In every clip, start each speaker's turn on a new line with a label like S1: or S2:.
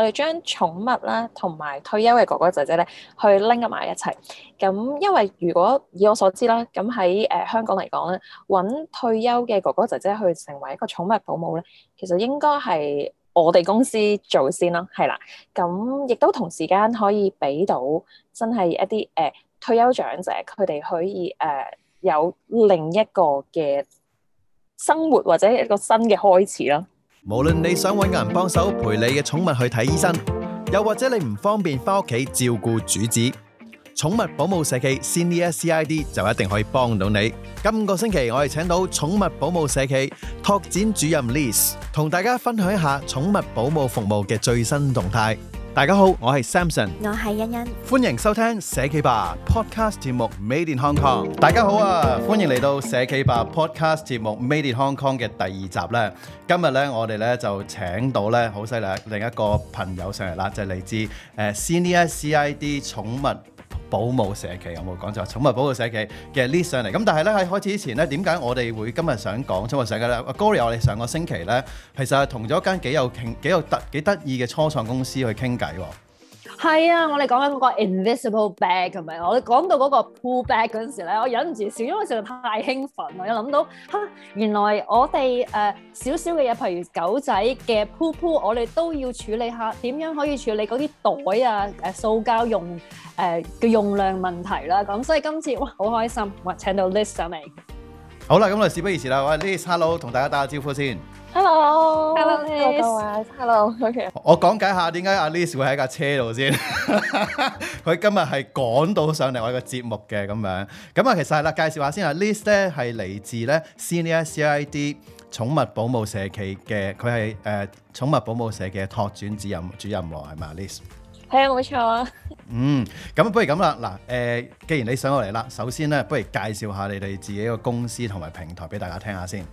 S1: 我哋將寵物啦，同埋退休嘅哥哥姐姐咧，去拎埋一齊。咁因為如果以我所知啦，咁喺誒香港嚟講咧，揾退休嘅哥哥姐姐去成為一個寵物保姆咧，其實應該係我哋公司做先咯，係啦。咁亦都同時間可以俾到真係一啲誒、呃、退休長者，佢哋可以誒、呃、有另一個嘅生活或者一個新嘅開始咯。
S2: 無論你想搵個人幫手陪你嘅寵物去睇醫生，又或者你唔方便翻屋企照顧主子，寵物保姆社企 CNSCID 就一定可以幫到你。今個星期我哋請到寵物保姆社企拓展主任 Liz 同大家分享一下寵物保姆服務嘅最新動態。大家好，我係 Samson，
S3: 我係欣欣，
S2: 歡迎收聽社企吧 Podcast 節目 Made in Hong Kong。大家好啊，歡迎嚟到社企吧 Podcast 節目 Made in Hong Kong 嘅第二集咧。今日咧，我哋咧就請到咧好犀利另一個朋友上嚟啦，就係嚟自，誒，呃，Senior CID 寵物。保姆社企有冇講？就係寵物保姆社企嘅 list 上嚟。咁但係咧，喺開始之前咧，點解我哋會今日想講寵物社企咧？Gloria，我哋上個星期咧，其實係同咗一間幾有傾、幾有特、幾得意嘅初創公司去傾偈、哦。
S3: 係啊，我哋講緊嗰個 invisible bag 係咪？我哋講到嗰個 pool bag 嗰陣時咧，我忍唔住笑，因為實在太興奮我一諗到嚇、啊，原來我哋誒少少嘅嘢，譬如狗仔嘅 pull pull，我哋都要處理下點樣可以處理嗰啲袋啊誒塑膠用誒嘅、呃、用量問題啦。咁、啊、所以今次哇，好開心，我、呃、請到 Liz 上嚟。
S2: 好啦，咁我哋事不宜遲啦，我哋 Liz hello 同大家打個招呼先。
S3: Hello，hello，hello，OK。
S2: 我講解下點解阿 Liz 會喺架車度先。 佢 今日係趕到上嚟我嘅節目嘅咁樣。咁啊，其實係啦，介紹下先啊。 Liz 咧係嚟自咧 C N S C I D 寵物保姆社企嘅，佢係誒寵物保姆社嘅拓展主任主任喎，係嘛？Liz 係啊，冇錯啊。嗯，咁不如咁啦，嗱誒、呃，既然你上嚟啦，首先咧，不如介紹下你哋自己個公司同埋平台俾大家聽下先。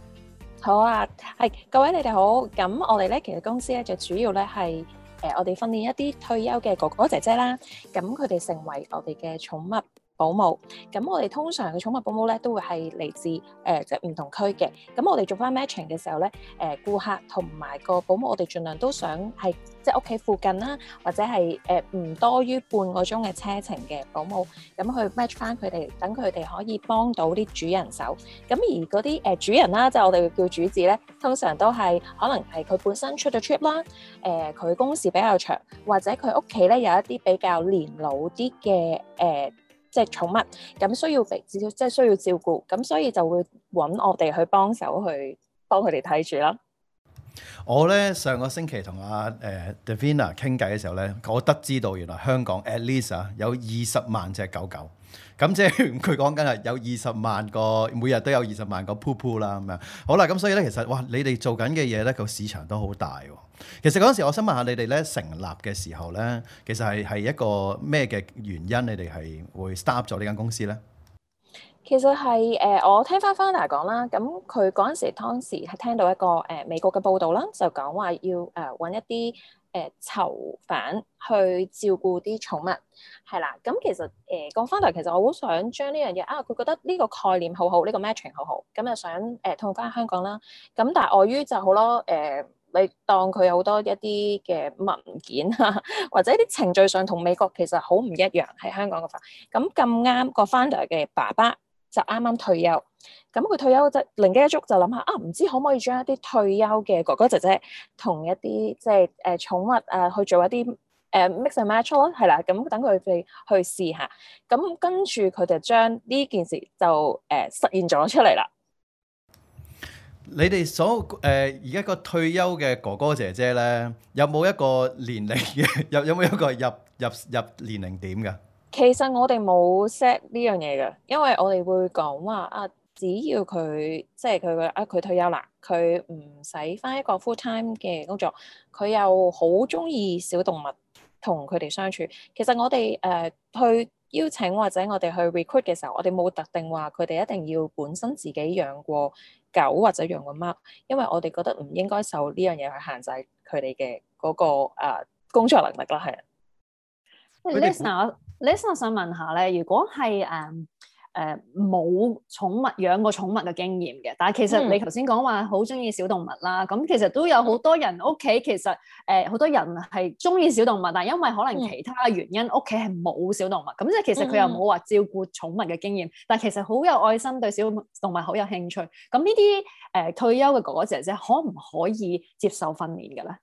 S1: 好啊，係各位你哋好，咁我哋咧其實公司咧就主要咧係誒我哋訓練一啲退休嘅哥哥姐姐啦，咁佢哋成為我哋嘅寵物保姆咁，我哋通常嘅寵物保姆咧都會係嚟自誒即係唔同區嘅。咁我哋做翻 matching 嘅時候咧，誒顧客同埋個保姆，我哋盡量都想係即係屋企附近啦，或者係誒唔多於半個鐘嘅車程嘅保姆，咁去 match 翻佢哋，等佢哋可以幫到啲主人手。咁而嗰啲誒主人啦，即係我哋叫主子咧，通常都係可能係佢本身出咗 trip 啦，誒佢工時比較長，或者佢屋企咧有一啲比較年老啲嘅誒。即係寵物咁需要被即係需要照顧，咁所以就會揾我哋去幫手去幫佢哋睇住啦。
S2: 我咧上個星期同阿、啊、誒、呃、Devina 傾偈嘅時候咧，我得知到原來香港 at least 啊有二十萬隻狗狗，咁即係佢講緊係有二十萬個每日都有二十萬個 poop 啦咁樣。好啦，咁所以咧其實哇，你哋做緊嘅嘢咧個市場都好大喎、哦。其實嗰陣時，我想問下你哋咧成立嘅時候咧，其實係係一個咩嘅原因？你哋係會 start up 咗呢間公司咧？
S1: 其實係誒、呃，我聽翻 founder 講啦，咁佢嗰陣時當時係聽到一個誒、呃、美國嘅報道啦，就講話要誒搵、呃、一啲誒、呃、囚犯去照顧啲寵物係啦。咁其實誒個 founder 其實我好想將呢樣嘢啊，佢覺得呢個概念好好，呢、這個 matching 好好，咁啊想誒套翻香港啦。咁但係礙於就好多誒。呃你當佢有好多一啲嘅文件啊，或者啲程序上同美國其實好唔一樣，喺香港嘅話。咁咁啱個 founder 嘅爸爸就啱啱退休，咁佢退休嗰陣靈機一觸就諗下啊，唔知可唔可以將一啲退休嘅哥哥姐姐同一啲即係誒寵物啊去做一啲誒 mix and match 咯，係、呃、啦，咁等佢哋去試一下。咁跟住佢就將呢件事就誒、呃、實現咗出嚟啦。
S2: 你哋所誒而家個退休嘅哥哥姐姐咧，有冇一個年齡嘅？有有冇一個入入入年齡點㗎？
S1: 其實我哋冇 set 呢樣嘢嘅，因為我哋會講話啊，只要佢即係佢嘅啊，佢退休啦，佢唔使返一個 full time 嘅工作，佢又好鍾意小動物同佢哋相處。其實我哋誒去。呃邀請或者我哋去 recruit 嘅時候，我哋冇特定話佢哋一定要本身自己養過狗或者養過貓，因為我哋覺得唔應該受呢樣嘢去限制佢哋嘅嗰個誒、呃、工作能力啦。係。
S3: Listener，Listener，我想問一下咧，如果係誒。Um... 誒、呃、冇寵物養過寵物嘅經驗嘅，但係其實你頭先講話好中意小動物啦，咁、嗯、其實都有好多人屋企其實誒、呃、好多人係中意小動物，但係因為可能其他原因屋企係冇小動物，咁即係其實佢又冇話照顧寵物嘅經驗，嗯、但係其實好有愛心對小動物好有興趣，咁呢啲誒退休嘅哥哥姐姐可唔可以接受訓練嘅咧？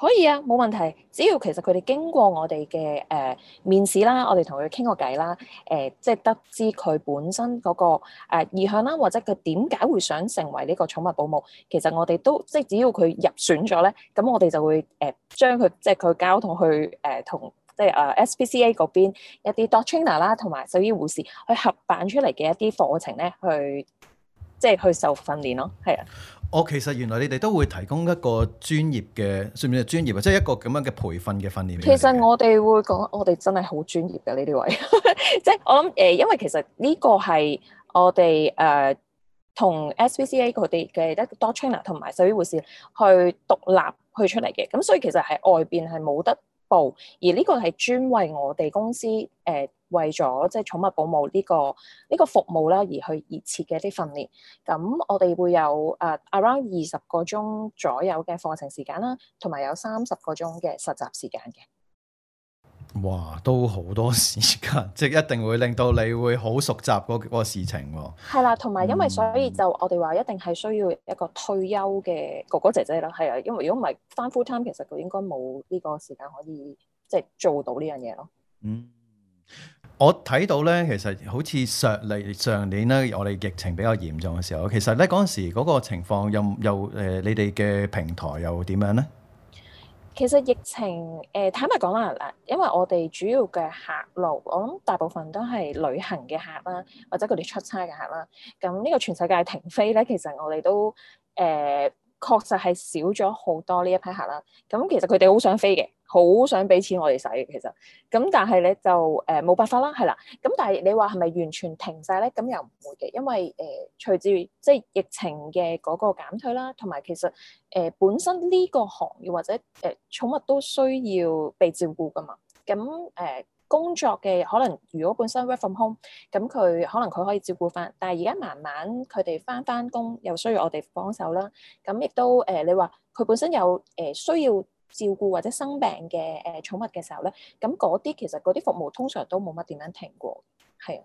S3: 可以啊，冇問題。只要
S1: 其實佢哋經過我哋嘅誒面試啦，我哋同佢傾個偈啦，誒即係得知佢本身嗰個誒意向啦，或者佢點解會想成為呢個寵物保姆，其實我哋都即係只要佢入選咗咧，咁我哋就會誒將佢即係佢交託去誒同即係誒 SPCA 嗰邊一啲 dog trainer 啦，同埋獸醫護士去合辦出嚟嘅一啲課程咧，去即係去受訓練咯，係啊。
S2: 我、哦、其實原來你哋都會提供一個專業嘅，算唔算係專業或者係一個咁樣嘅培訓
S1: 嘅訓練。其實我哋會講， 我哋真係好專業嘅呢啲位，即係我諗誒，因為其實呢個係我哋誒、呃、同 SBCA 佢哋嘅一個 doctor trainer 同埋 surveyors 去獨立去出嚟嘅，咁所以其實係外邊係冇得報，而呢個係專為我哋公司誒。呃為咗即係寵物保姆呢個呢個服務啦，而去熱切嘅啲訓練。咁我哋會有誒 around 二十個鐘左右嘅課程時間啦，同埋有三十個鐘嘅實習時間嘅。
S2: 哇！都好多時間，即係一定會令到你會好熟習嗰個事情喎。
S1: 係啦，同埋因為所以就我哋話一定係需要一個退休嘅哥哥姐姐啦。係啊，因為如果唔係返 full time，其實佢應該冇呢個時間可以即係、就是、做到呢樣嘢咯。嗯。
S2: 我睇到咧，其實好似上嚟上年咧，年我哋疫情比較嚴重嘅時候，其實咧嗰陣時嗰個情況又又誒、呃，你哋嘅平台又點樣咧？
S1: 其實疫情誒、呃，坦白講啦嗱，因為我哋主要嘅客路，我諗大部分都係旅行嘅客啦，或者佢哋出差嘅客啦。咁呢個全世界停飛咧，其實我哋都誒確、呃、實係少咗好多呢一批客啦。咁其實佢哋好想飛嘅。好想俾錢我哋使，其實咁、呃，但係咧就冇辦法啦，係啦。咁但係你話係咪完全停晒咧？咁又唔會嘅，因為誒、呃，隨住即係疫情嘅嗰個減退啦，同埋其實、呃、本身呢個行業或者誒、呃、寵物都需要被照顧噶嘛。咁、呃、工作嘅可能，如果本身 work from home，咁佢可能佢可以照顧翻。但係而家慢慢佢哋翻翻工，又需要我哋幫手啦。咁亦都、呃、你話佢本身有、呃、需要。照顧或者生病嘅誒寵物嘅時候咧，咁嗰啲其實嗰啲服務通常都冇乜點樣停過，係
S3: 啊。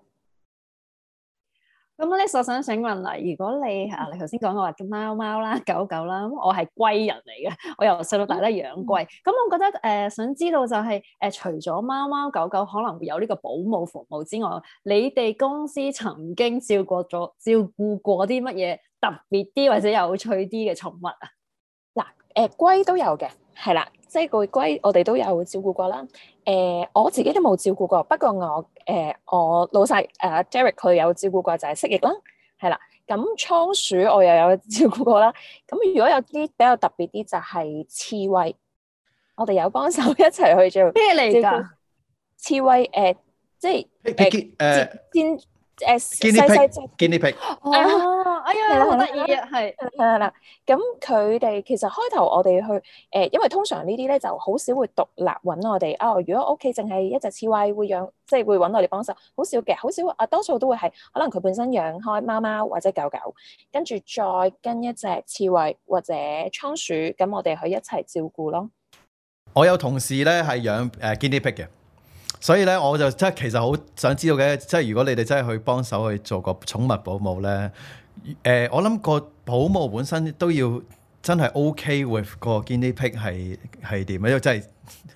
S3: 咁我咧，我想請問啦，如果你啊，你頭先講嘅話，貓貓啦、狗狗啦，咁我係龜人嚟嘅，我由細到大都養龜。咁、嗯、我覺得誒、呃，想知道就係、是、誒、呃，除咗貓貓狗狗可能會有呢個保姆服務之外，你哋公司曾經照過咗照顧過啲乜嘢特別啲或者有趣啲嘅寵物啊？誒龜都有嘅，係啦，
S1: 即係個龜我哋都有照顧過啦。誒我自己都冇照顧過，不過我誒我老細誒 Jeric 佢有照顧過就係蜥蜴啦，係啦。咁倉鼠我又有照顧過啦。咁如果有啲比較特別啲就係刺猬。我哋有幫手一齊去做咩嚟㗎？刺猬，誒、呃、即係誒誒誒，
S2: 細
S1: 細隻，Gini Pig 哦，哎呀、哎，好得意啊，係，係啦，咁佢哋其實開頭我哋去，誒，因為通常呢啲咧就好少會獨立揾我哋，哦，如果屋企淨係一隻刺猬會養，即、就、係、是、會揾我哋幫手，好少嘅，好少，啊，多數都會係可能佢本身養開貓貓或者狗狗，跟住再跟一隻刺猬或者倉鼠，咁我哋去一齊照顧咯。
S2: 我有同事咧係養誒 Gini Pig 嘅。呃所以咧，我就真係其實好想知道嘅，即係如果你哋真係去幫手去做個寵物保姆咧，誒、呃，我諗個保姆本身都要真係 OK with 個 guinea pig 係係點？因為真係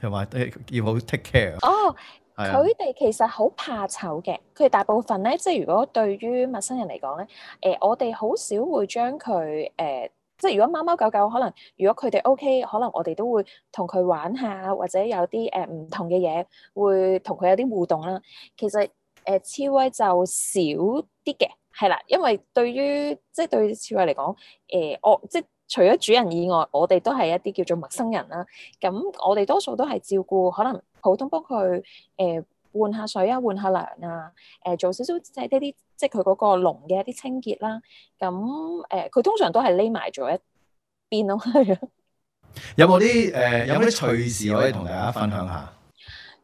S2: 係話要好 take care。哦，佢
S1: 哋其實好怕醜嘅，佢哋大部分咧，即係如果對於陌生人嚟講咧，誒、呃，我哋好少會將佢誒。呃即係如果貓貓狗狗可能如果佢哋 OK 可能我哋都會同佢玩下，或者有啲誒唔同嘅嘢，會同佢有啲互動啦。其實誒，刺蝟就少啲嘅係啦，因為對於即係對刺蝟嚟講，誒我即係除咗主人以外，我哋都係一啲叫做陌生人啦。咁我哋多數都係照顧可能普通幫佢誒。呃換下水啊，換下糧啊，誒做少少即係啲啲，即係佢嗰個籠嘅一啲清潔啦、啊。咁誒，佢、呃、通常都係匿埋咗一邊囉。有冇啲誒？
S2: 有咩趣事可以同大家分享下？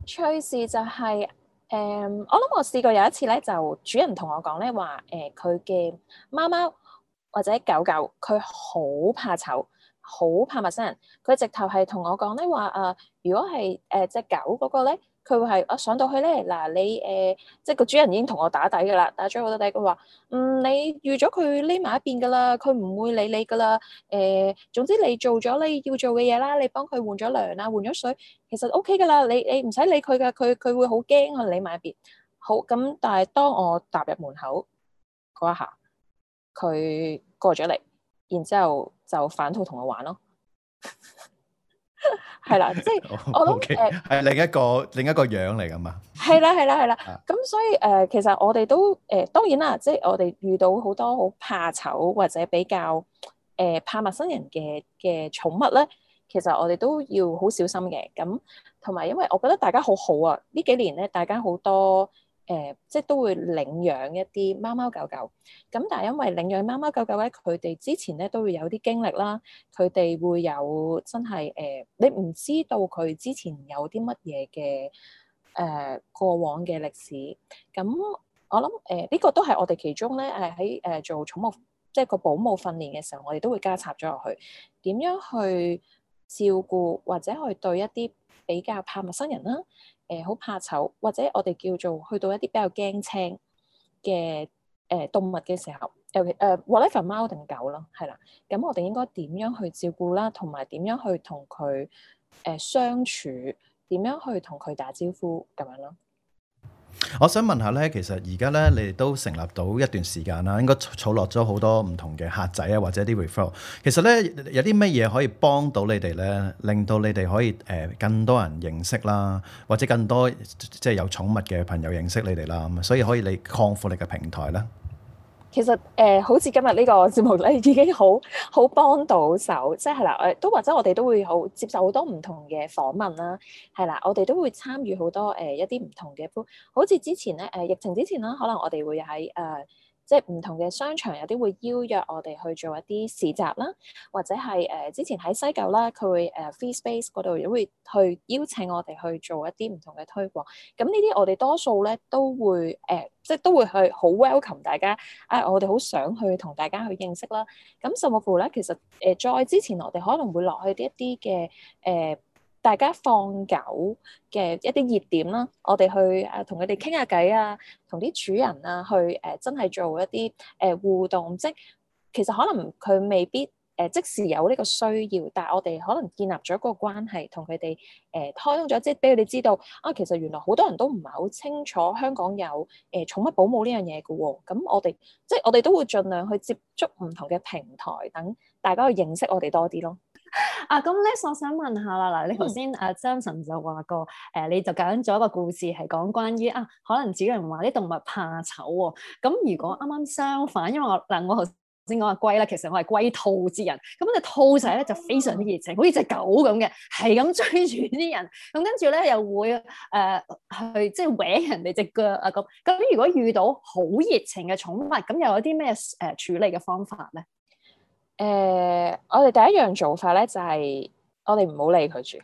S1: 趣事就係、是、誒、呃，我諗我試過有一次咧，就主人同我講咧話誒，佢嘅貓貓或者狗狗佢好怕醜，好怕陌生人。佢直頭係同我講咧話誒，如果係誒隻狗嗰個咧。佢會係，我、啊、上到去咧，嗱、啊、你誒、呃，即係個主人已經同我打底嘅啦，打咗好多底。佢話，嗯，你預咗佢匿埋一邊嘅啦，佢唔會理你嘅啦。誒、呃，總之你做咗你要做嘅嘢啦，你幫佢換咗糧啊，換咗水，其實 O K 嘅啦。你你唔使理佢噶，佢佢會好驚我匿埋一邊。好，咁，但係當我踏入門口嗰一下，佢過咗嚟，然之後就反肚同我玩咯。係啦，即係我諗
S2: 誒係另一個另一個樣嚟㗎嘛。
S1: 係啦，係啦，係啦。咁所以誒，其實我哋都誒，當然啦，即係我哋遇到好多好怕醜或者比較誒怕陌生人嘅嘅寵物咧，其實我哋都要好小心嘅。咁同埋因為我覺得大家好好啊，呢幾年咧，大家好多。誒、呃，即係都會領養一啲貓貓狗狗，咁但係因為領養貓貓狗狗咧，佢哋之前咧都會有啲經歷啦，佢哋會有真係誒、呃，你唔知道佢之前有啲乜嘢嘅誒過往嘅歷史。咁、嗯、我諗誒，呢、呃呢個都係我哋其中咧誒喺誒做寵物即係個保姆訓練嘅時候，我哋都會加插咗落去，點樣去照顧或者去對一啲比較怕陌生人啦。誒好怕醜，或者我哋叫做去到一啲比較驚青嘅誒、呃、動物嘅時候，尤其誒 what if 貓定狗咯，係啦，咁我哋應該點樣去照顧啦，同埋點樣去同佢誒相處，點樣去同佢打招呼咁樣咯？
S2: 我想問下咧，其實而家咧，你哋都成立到一段時間啦，應該儲落咗好多唔同嘅客仔啊，或者啲 referral。其實咧，有啲咩嘢可以幫到你哋咧，令到你哋可以誒、呃、更多人認識啦，或者更多即係有寵物嘅朋友認識你哋啦，咁所以可以你擴闊你嘅平台咧。
S1: 其實誒、呃，好似今日呢個節目咧，已經好好幫到手，即係係啦誒，都或者我哋都會好接受好多唔同嘅訪問啦，係啦，我哋都會參與、呃、好多誒一啲唔同嘅，好似之前咧誒、呃、疫情之前啦，可能我哋會喺誒。呃即係唔同嘅商場有啲會邀約我哋去做一啲市集啦，或者係、呃、之前喺西九啦，佢會誒、呃、Free Space 嗰度會去邀請我哋去做一啲唔同嘅推廣。咁呢啲我哋多數咧都會、呃、即都會去好 welcome 大家啊！我哋好想去同大家去認識啦。咁甚麼乎咧？其實誒、呃、再之前我哋可能會落去啲一啲嘅大家放狗嘅一啲熱點啦，我哋去誒同佢哋傾下偈啊，同啲主人啊去誒真係做一啲誒互動，即係其實可能佢未必誒即時有呢個需要，但係我哋可能建立咗一個關係，同佢哋誒開通咗，即係俾佢哋知道啊，其實原來好多人都唔係好清楚香港有誒寵物保姆呢樣嘢嘅，咁我哋即係我哋都會盡量去接觸唔同嘅平台，等大
S3: 家去認識我哋多啲咯。啊，咁咧，我想問下啦，嗱，你頭先阿 Jameson 就話過，誒，你就揀咗一個故事，係講關於啊，可能主人話啲動物怕醜喎。咁如果啱啱相反，因為我嗱，我頭先講阿龜咧，其實我係龜兔之人。咁隻兔仔咧就非常之熱情，好似隻狗咁嘅，係咁追住啲人。咁跟住咧又會誒、呃、去即係搲人哋隻腳啊咁。如果遇到好熱情嘅寵物，咁又有啲咩誒處理嘅方法咧？誒、呃，
S1: 我哋第一樣做法咧就係、是、我哋唔好理佢住，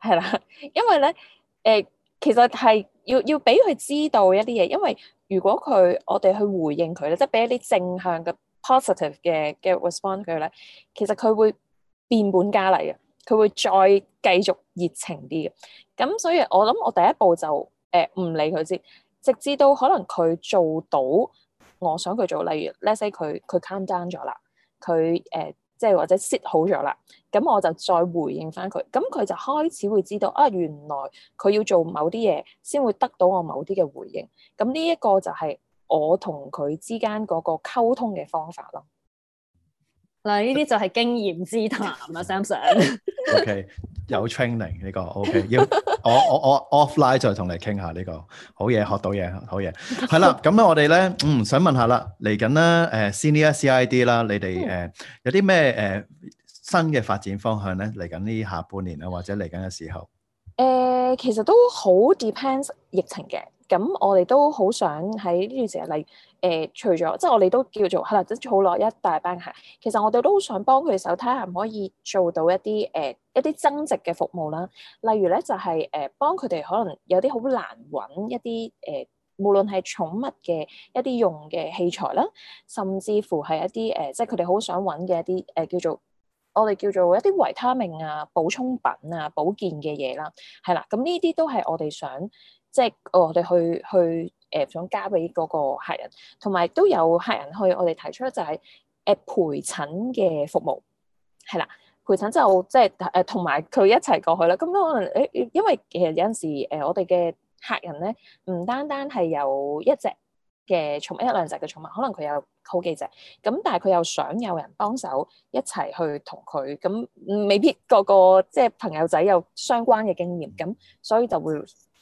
S1: 係啦，因為咧，誒、呃，其實係要要俾佢知道一啲嘢，因為如果佢我哋去回應佢咧，即係俾一啲正向嘅 positive 嘅嘅 response 佢咧，其實佢會變本加厲嘅，佢會再繼續熱情啲嘅，咁所以我諗我第一步就誒唔、呃、理佢先，直至到可能佢做到我想佢做，例如 let’s say 佢佢 come down 咗啦。佢誒即係或者 set 好咗啦，咁我就再回應返佢，咁佢就開始會知道啊，原來佢要做某啲嘢先會得到我某啲嘅回應，咁呢一個就係
S3: 我同佢之間嗰個溝通嘅方法咯。嗱，呢啲就係經驗之談
S2: 啊 ，Samson。OK，有 training 呢、這個 OK，要 我我我 offline 再同你傾下呢、這個好嘢，學到嘢，好嘢。係 啦，咁咧我哋咧，嗯，想問下啦，嚟緊啦誒，CNEA、呃 Senior、CID 啦，你哋誒有啲咩誒新嘅發展方向咧？嚟緊呢下半年啊，或者嚟緊嘅時候，
S1: 誒、呃，其實都好 depends 疫情嘅。咁我哋都好想喺呢段時間，例如，誒、呃，除咗即係我哋都叫做係啦，儲落一大班客。其實我哋都好想幫佢手，睇下可唔可以做到一啲誒、呃、一啲增值嘅服務啦。例如咧就係、是、誒、呃、幫佢哋可能有啲好難揾一啲誒、呃，無論係寵物嘅一啲用嘅器材啦，甚至乎係一啲誒、呃，即係佢哋好想揾嘅一啲誒、呃、叫做我哋叫做一啲維他命啊、補充品啊、保健嘅嘢啦。係啦，咁呢啲都係我哋想即係我哋去去。去誒、呃、想交俾嗰個客人，同埋都有客人去我哋提出咧，就係誒陪診嘅服務，係啦，陪診就即係誒同埋佢一齊過去啦。咁都可能誒，因為其實有陣時誒、呃，我哋嘅客人咧，唔單單係有一隻嘅寵物，一兩隻嘅寵物，可能佢有好幾隻，咁但係佢又想有人幫手一齊去同佢，咁、嗯、未必個個即係、就是、朋友仔有相關嘅經驗，咁所以就會。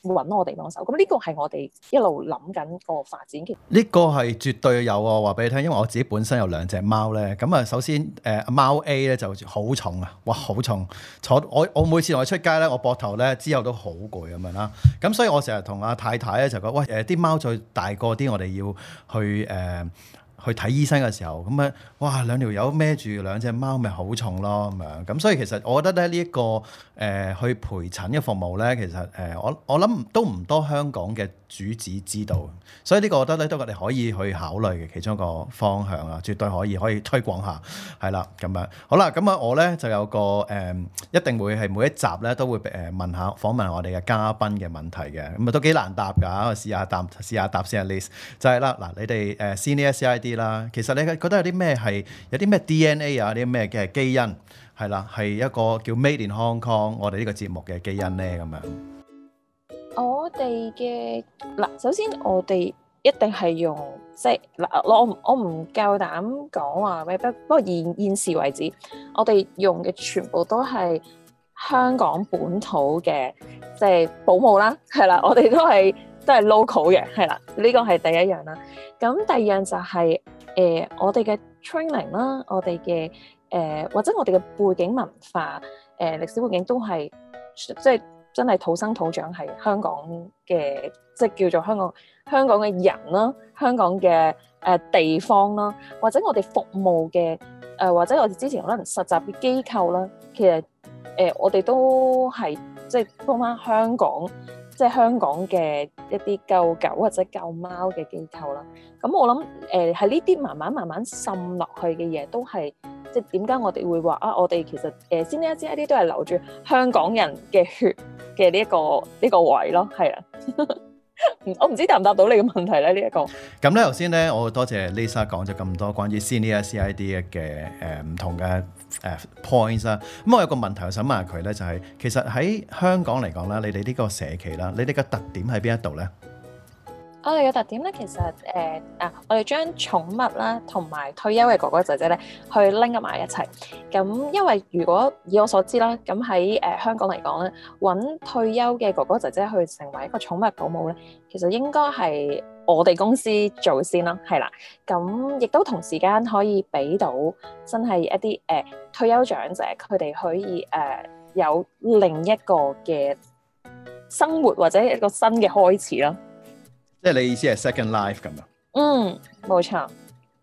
S1: 搵我哋幫手，咁呢個係我哋一路諗緊個發展嘅。
S2: 呢個係絕對有啊，話俾你聽，因為我自己本身有兩隻貓咧。咁啊，首先誒貓 A 咧就好重啊，哇，好重！坐我我每次同佢出街咧，我膊頭咧之後都好攰咁樣啦。咁所以我成日同阿太太咧就講，喂誒啲貓再大個啲，我哋要去誒，呃去睇醫生嘅時候，咁啊，哇，兩條友孭住兩隻貓，咪好重咯，咁樣，咁所以其實我覺得咧呢一、這個誒、呃、去陪診嘅服務咧，其實誒、呃、我我諗都唔多香港嘅主子知道，所以呢個我覺得咧都我哋可以去考慮嘅其中一個方向啊，絕對可以可以推廣下，係啦，咁樣，好啦，咁啊，我咧就有個誒、呃、一定會係每一集咧都會誒問下訪問我哋嘅嘉賓嘅問題嘅，咁啊都幾難答㗎，試下答試下答先啊 l i s 就係、是、啦，嗱，你哋誒先呢一啲。呃 CID，啦，其實你覺得有啲咩係有啲咩 DNA 啊，啲咩嘅基因係啦，係一個叫 Made in Hong Kong，我哋呢個節目嘅基因咧咁樣。
S1: 我哋嘅嗱，首先我哋一定係用即係嗱，我我唔夠膽講話，未必不過現現時為止，我哋用嘅全部都係香港本土嘅，即係草木啦，係啦，我哋都係。都係 local 嘅，係啦，呢個係第一樣啦。咁第二樣就係誒我哋嘅 training 啦，我哋嘅誒或者我哋嘅背景文化誒、呃、歷史背景都係即係真係土生土長係香港嘅，即係叫做香港香港嘅人啦，香港嘅誒、呃、地方啦，或者我哋服務嘅誒、呃、或者我哋之前可能實習嘅機構啦，其實誒、呃、我哋都係即係幫翻香港。即係香港嘅一啲救狗或者救貓嘅機構啦，咁我諗誒係呢啲慢慢慢慢滲落去嘅嘢，都係即係點解我哋會話啊？我哋其實誒、呃、先呢一啲，呢啲都係留住香港人嘅血嘅呢一個呢、這個位咯，係啊。 我唔知道能不
S2: 能答唔答到你嘅問題咧？呢一個咁咧，頭先咧，我多謝 Lisa 講咗咁多關於 CNICID 嘅誒唔同嘅誒、呃、point 啦、啊。咁、嗯、我有個問題想問下佢咧，就係、是、其實喺香港嚟講啦，你哋呢個社企啦，你哋嘅特點喺邊一度咧？
S1: 我哋嘅特點咧，其實誒、呃、啊，我哋將寵物啦，同埋退休嘅哥哥姐姐咧，去拎一埋一齊。咁因為如果以我所知啦，咁喺誒香港嚟講咧，揾退休嘅哥哥姐姐去成為一個寵物保姆咧，其實應該係我哋公司做先咯，係啦。咁亦都同時間可以俾到真係一啲誒、呃、退休長者，佢哋可以誒、呃、有另一個嘅
S3: 生活或者一個新嘅開始咯。
S2: 即係你意思係 Second Life 咁樣？
S3: 嗯，冇錯。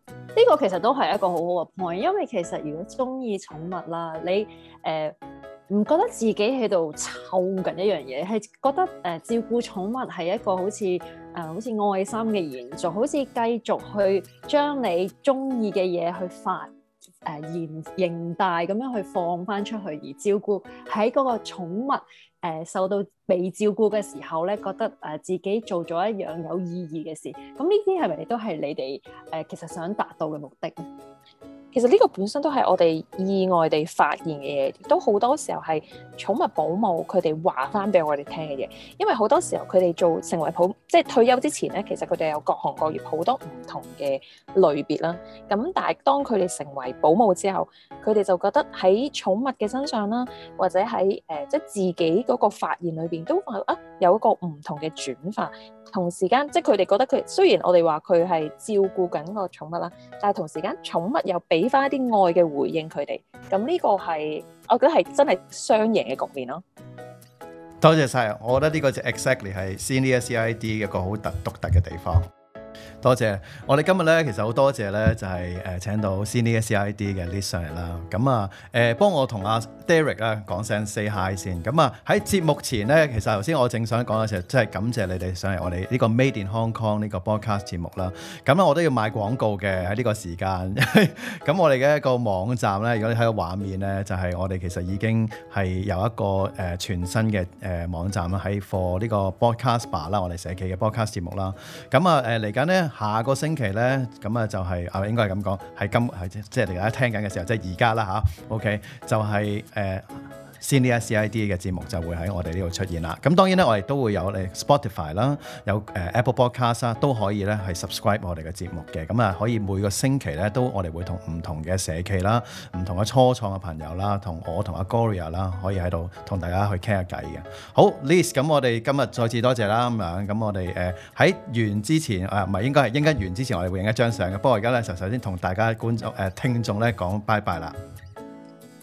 S3: 呢、這個其實都係一個很好好嘅 point，因為其實如果中意寵物啦，你誒唔、呃、覺得自己喺度抽緊一樣嘢，係覺得誒、呃、照顧寵物係一個好似誒、呃、好似愛心嘅延續，好似繼續去將你中意嘅嘢去發誒延延大咁樣去放翻出去，而照顧喺嗰個寵物。誒受到被照顧嘅時候咧，覺得誒自己做咗一樣有意義嘅事，咁呢啲係咪都係你哋誒其實想達到嘅目的？
S1: 其實呢個本身都係我哋意外地發現嘅嘢，亦都好多時候係寵物保姆佢哋話翻俾我哋聽嘅嘢。因為好多時候佢哋做成為保，即係退休之前咧，其實佢哋有各行各業好多唔同嘅類別啦。咁但係當佢哋成為保姆之後，佢哋就覺得喺寵物嘅身上啦，或者喺誒、呃、即係自己嗰個發現裏邊，都係啊有一個唔同嘅轉化。同時間即係佢哋覺得佢雖然我哋話佢係照顧緊個寵物啦，但係同時間寵物又俾翻一啲愛嘅回應佢哋，咁呢個係我覺得係真係雙贏嘅局面咯。
S2: 多謝晒，我覺得呢個就係 exactly 係 CNS CID 嘅一個好特獨特嘅地方。多謝，我哋今日咧其實好多謝咧，就係、是、誒、呃、請到 Cindy 嘅 CID 嘅 list 上嚟啦。咁啊誒，幫、呃、我同阿、啊、Derek 咧講聲 say hi 先。咁啊喺節目前咧，其實頭先我正想講嘅時候，真、就、係、是、感謝你哋上嚟我哋呢個 Made in Hong Kong 呢個 broadcast 節目啦。咁啊，我都要賣廣告嘅喺呢個時間。咁 我哋嘅一個網站咧，如果你睇個畫面咧，就係、是、我哋其實已經係有一個誒、呃、全新嘅誒、呃、網站啦，喺 for 呢個 broadcast bar 啦，我哋社企嘅 broadcast 節目啦。咁啊誒嚟緊咧。呃下個星期咧，咁啊就係、是、啊，應該係咁講，係今係即係嚟家在聽緊嘅時候，即係而家啦吓。OK，就係、是呃先呢個 CID 嘅節目就會喺我哋呢度出現啦。咁當然咧，我哋都會有 Spotify 啦，有 Apple Podcast 啦，都可以咧係 subscribe 我哋嘅節目嘅。咁啊，可以每個星期咧都我哋會同唔同嘅社企啦、唔同嘅初創嘅朋友啦，同我同阿 Gloria 啦，Gloria，可以喺度同大家去傾下偈嘅。好，Liz，咁我哋今日再次多謝啦。咁樣，咁我哋誒喺完之前誒，唔係應該係應該完之前，啊、之前我哋會影一張相嘅。不過而家咧就首先同大家觀眾誒聽眾咧講拜拜啦。